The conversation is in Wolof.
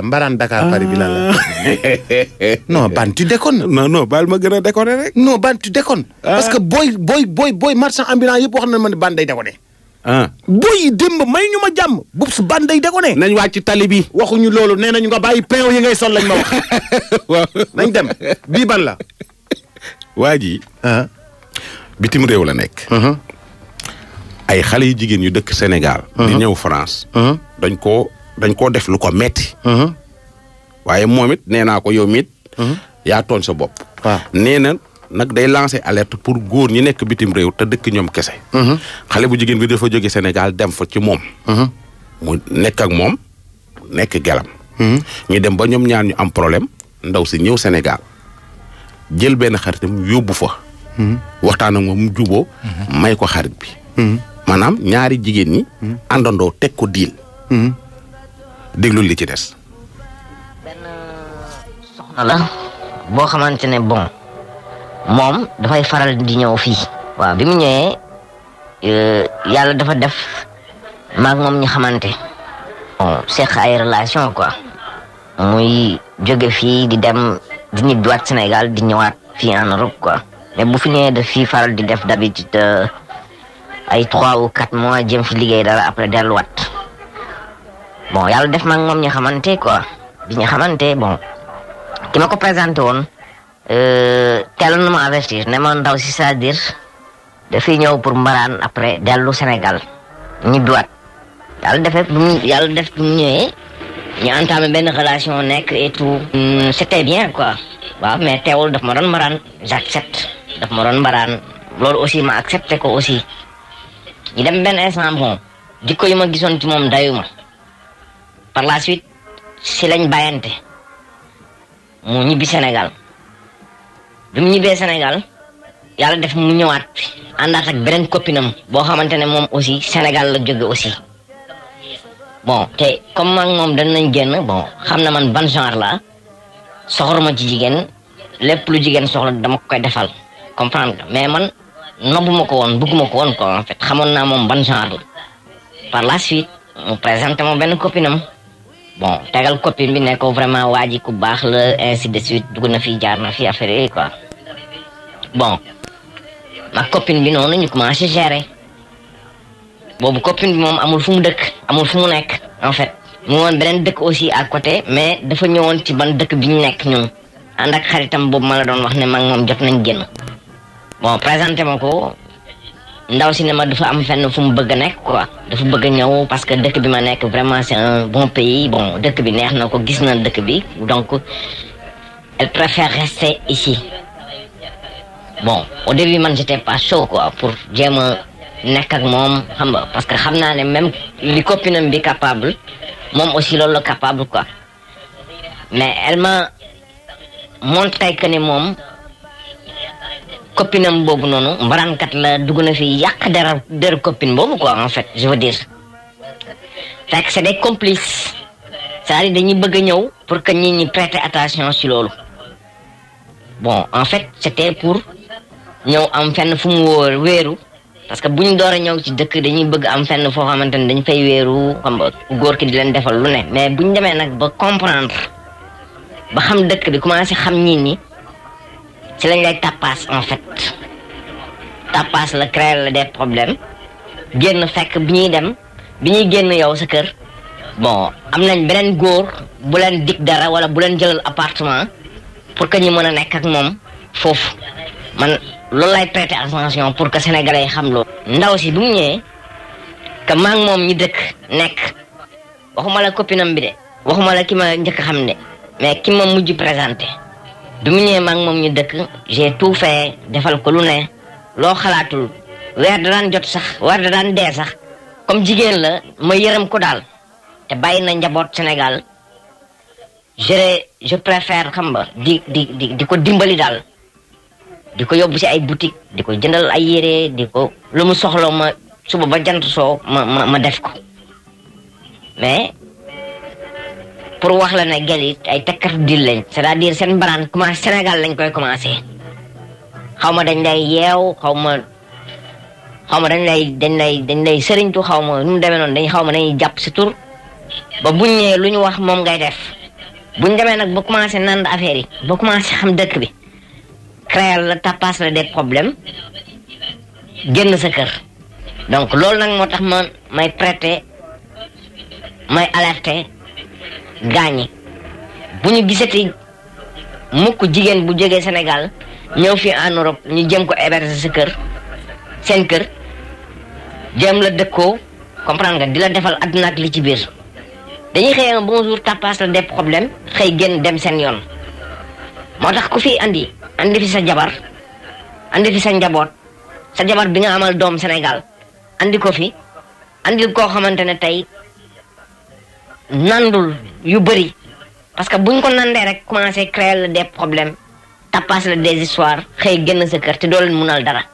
mbaran Dakar Paris bi no ban tu dekon. non non bal ma gën a rek. non ban tu dekon. Ah. parce que boy boy boy boy marchand ambulant yëpp wax na ma ban day déconner. ah. boy démb may ñu ma jàmm bubs ban day déconner. nañ wàcc tali bi. waxuñu loolu nee nañu nga bàyyi pain yi ngay sol lañ ma wax. nañ dem bii ban la. waa ji. ah. bitim réew la nekk. ay xale yu jigéen yu dëkk Sénégal. di ñëw France. dañ ko dañ koo def lu ko metti mhm. waaye moom it nee naa ko yow miit mhm. yaa tooñ sa bopp waaw nee na day lancé alerte pour góor ñi nekk bitim réew te dëkk ñoom kese mhm. xale bu jigéen bi dafa Sénégal dem fa ci moom mu nekk ak moom galam gelam ñu dem ba ñoom ñaar ñu am problème ndaw si ñëw Sénégal jël benn xaritam yóbbu fa waxtaan ak moom mu may ko xarit bi manam ñaari jigéen ñi àndandoo teg ko déglul li ci des. benn euh, boo xamante ne bon moom dafay faral di ñëw fii. waaw bi mu ñëwee euh, yàlla dafa def maag moom ñu xamante. bon ay relation quoi. muy jóge fii di dem di ñibbiwaat Sénégal di ñëwaat fii en Europe quoi. mais bu fi ñëwee daf fii faral di def d'habitude euh, ay trois ou quatre mois jëm fi liggéey dara après delluwaat. bon yàlla def ma ak moom xamante quoi bi ñu xamante bon ki ma ko présenté woon euh, teeloon na ma avertir ne ma ndaw si c'est-à-dire dafiy ñëw pour mbaraan après dellu Sénégal ñu duwaat yàlla defee bu mu yàlla def bu mu ñëwee benn relation nekk et tout. Hmm, c'était bien quoi waaw teewul daf ma doon mbaraan j'accepte daf ma doon mbaraan loolu aussi ma accepté ko aussi ñu dem benn instant bon jikko yi ma gisoon ci moom dayuma. par la suite si lañ bàyyante mu ñibbi Sénégal bi mu ñibbee Sénégal def mu ñëwaat àndaat ak beneen copinam boo xamante ne moom aussi Sénégal la jóge aussi bon te comme ak moom danañ génn bon xam na man ban genre la soxoruma ci jigéen lépp lu jigéen soxla dama ko koy defal comprendre nga mais man nobbuma ko woon ko woon ko en fait xamoon naa ban genre la par la suite mu présenté benn copinam bon tagal copine bi ne ko vraiment waa ji ku baax la ainsi de suite dugg na fi jaar na fi affaire yooyu bon ma copine bi noonu ñu commencé gérer boobu copine bi moom amul fu mu dëkk amul fu mu nekk en fait mu woon beneen dëkk aussi à côté mais dafa ñëwoon ci ban dëkk bi ñu nekk ñun ànd ak xaritam boobu ma la doon wax ne ma moom jot nañ génn bon présenté ko ndaw si ne ma dafa am fenn fu mu bëgg a nekk quoi dafa bëgg a ñëw parce que dëkk bi ma nekk vraiment c'est un bon pays dëkk bi neex na ko gis na dëkk bi donc elle préfère rester ici bon au début man j'étais pas chaud quoi pour jéem a nekk ak moom xam nga parce que xam naa ne même li copinam bi capable moom aussi loolu la capable quoi mais elle m'a montré que ne moom. copinam bobu nonu mbarankat la duguna fi yak der der copine bobu quoi en fait je veux dire fek c'est des complices c'est dañuy bëgg ñëw pour que ñi prêter attention ci lolu bon en fait c'était pour ñëw am fenn fu mu wéeru parce que buñ doora ñëw ci dëkk dañuy bëgg am fenn foo xamante ne dañ fay wéeru xam góor ki di leen defal lu ne mais buñ demee ba comprendre ba xam dëkk bi commencé xam ci lañ lay tapas en fait tapas la créer la des problèmes génn fekk bi dem bi ñuy génn yow sa kër bon am nañ beneen góor bu leen dig dara wala bu leen jëlal appartement pour que ñu mën a nekk ak moom foofu man loolu lay prêter attention pour que sénégalais yi xam loolu ndaw si bi mu ñëwee que maa ngi moom ñi dëkk nekk waxuma la copinam bi de waxuma la ki ma njëkk xam de mais ki ma mujj présenté du mu ñëwee ma ak moom ñu dëkk j'ai tout fait defal ko lu ne loo xalaatul weer da daan jot sax weer da daan dee sax comme jigéen la ma yërëm ko daal te bàyyi na njaboot Sénégal je je préfère xam nga di di di ko dimbali daal di ko yóbbu si ay boutique di ko jëndal ay yére di ko lu mu soxla ma suba ba jant soo ma def ko mais pour wax la ne gel it ay takkat dil lañ c'est-à-dire seen baraan commencé Sénégal lañ koy commencé xaw ma dañ lay yeew xaw ma xaw ma dañ lay dañ lay dañ lay sëriñtu xaw ma nu mu demee noonu dañ xaw ma dañuy jàpp si tur ba buñ ñëwee lu ñu wax moom ngay def buñ demee nag ba commencé nand affaire yi ba commencé xam dëkk bi créer la tapas la des problèmes génn sa kër donc loolu nag moo tax ma may prêter may alerter Gani, bu ñu gisati mukk jigen bu nyofi Sénégal ñëw fi en Europe ñu jëm ko héberger sa kër seen kër jëm la dëkkoo comprendre nga di la defal àdduna ak li ci biir dañuy xëy bonjour tapas la des problèmes xëy génn dem seen yoon moo tax ku fi andi andi fi sa jabar andi fi sa njaboot sa jabar bi nga amal doom Sénégal andi ko fi andil koo xamante tey nandul yu bëri parce que buñ ko nandee rek commencé créer la des problèmes tapas la des histoires xëy génn sa kër te doo leen munal dara.